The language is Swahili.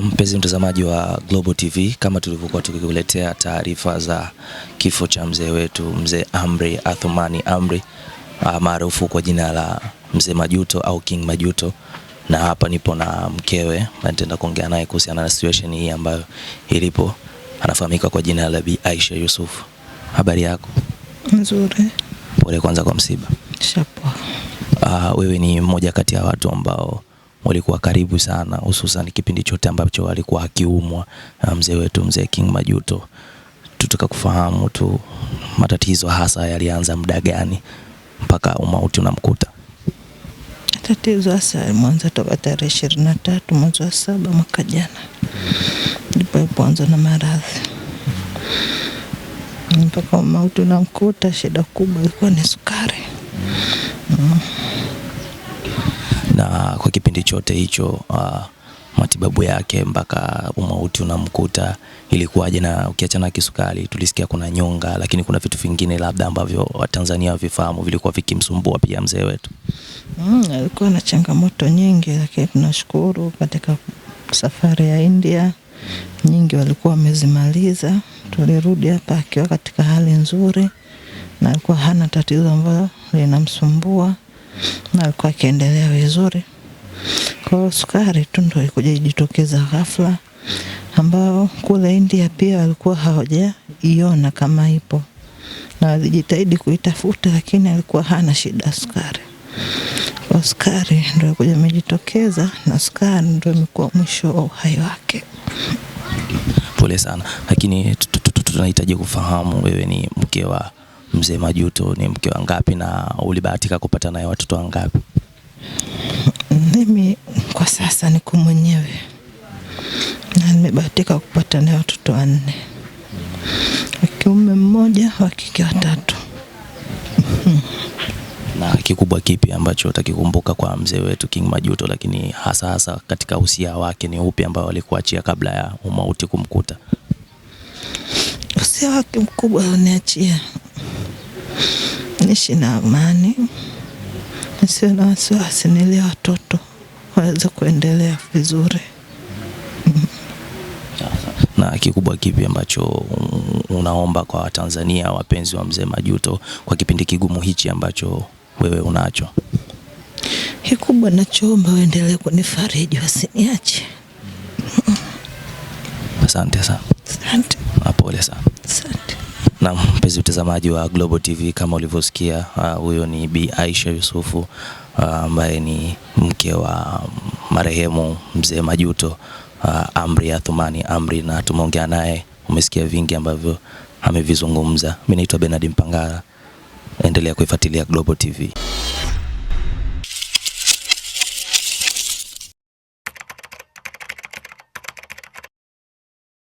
Na mpenzi mtazamaji wa Global TV, kama tulivyokuwa tukikuletea taarifa za kifo cha mzee wetu mzee Amri Athumani Amri ah, maarufu kwa jina la mzee Majuto au King Majuto, na hapa nipo na mkewe nitaenda kuongea naye kuhusiana na situation hii ambayo ilipo. Anafahamika kwa jina la Bi Aisha Yusuf. Habari yako? Nzuri. Pole kwanza kwa msiba. Shapo. Uh, ah, wewe ni mmoja kati ya watu ambao walikuwa karibu sana, hususan kipindi chote ambacho alikuwa akiumwa uh, mzee wetu mzee King Majuto. Tutaka kufahamu tu matatizo hasa yalianza muda gani mpaka umauti unamkuta? Tatizo hasa limeanza toka tarehe ishirini na tatu mwezi wa saba mwaka jana, ndipo ipoanza na maradhi mpaka umauti unamkuta. Shida kubwa ilikuwa ni sukari mm na kwa kipindi chote hicho uh, matibabu yake mpaka umauti unamkuta ilikuwaje? Na ukiachana na kisukari, tulisikia kuna nyonga, lakini kuna vitu vingine labda ambavyo Watanzania wavifahamu vilikuwa vikimsumbua pia mzee wetu. Mm, alikuwa na changamoto nyingi, lakini tunashukuru katika safari ya India nyingi walikuwa wamezimaliza. Tulirudi hapa akiwa katika hali nzuri na alikuwa hana tatizo ambalo linamsumbua na alikuwa akiendelea vizuri. Kwa hiyo sukari tu ndio ikuja ijitokeza ghafla, ambao kule India pia walikuwa hawajaiona kama ipo na walijitahidi kuitafuta, lakini alikuwa hana shida sukari. Kwa sukari ndio ikuja imejitokeza, na sukari ndio imekuwa mwisho wa uhai wake. Pole sana, lakini tunahitaji kufahamu, wewe ni mke wa Mzee Majuto ni mke wa ngapi na ulibahatika kupata naye watoto wangapi? Mimi kwa sasa niko mwenyewe na nimebahatika kupata naye watoto wanne, wa kiume mmoja, wa kike watatu. Na kikubwa kipi ambacho utakikumbuka kwa mzee wetu King Majuto, lakini hasa hasa katika usia wake ni upi ambao alikuachia kabla ya umauti kumkuta? Usia wake mkubwa aliniachia niishi na amani, nisiwe na wasiwasi, nili watoto waweze kuendelea vizuri. Na kikubwa kipi ambacho unaomba kwa Watanzania wapenzi wa mzee Majuto kwa kipindi kigumu hichi ambacho wewe unacho? Kikubwa nachoomba waendelee kunifariji, wasiniache. Asante sana. Asante. Pole sana. Na mpenzi mtazamaji wa Global TV, kama ulivyosikia, uh, huyo uh, ni Bi Aisha Yusufu uh, ambaye uh, ni mke wa marehemu mzee Majuto uh, Amri Athumani Amri, na tumeongea naye, umesikia vingi ambavyo amevizungumza. Mimi naitwa Bernard Mpangara, endelea kuifuatilia Global TV.